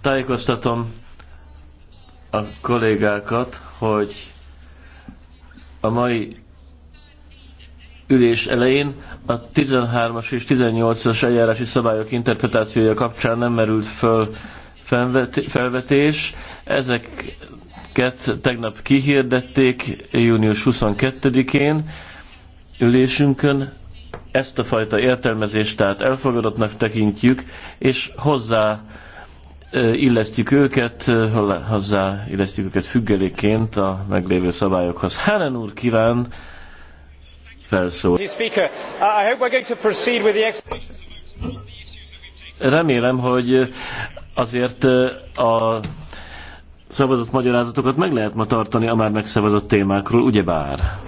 Tájékoztatom a kollégákat, hogy a mai ülés elején a 13-as és 18-as eljárási szabályok interpretációja kapcsán nem merült föl felvetés. Ezeket tegnap kihirdették június 22-én ülésünkön. Ezt a fajta értelmezést tehát elfogadottnak tekintjük, és hozzá illesztjük őket, hozzá illesztjük őket függeléként a meglévő szabályokhoz. Helen úr kíván felszól. Remélem, hogy azért a szabadott magyarázatokat meg lehet ma tartani a már megszavazott témákról, ugyebár?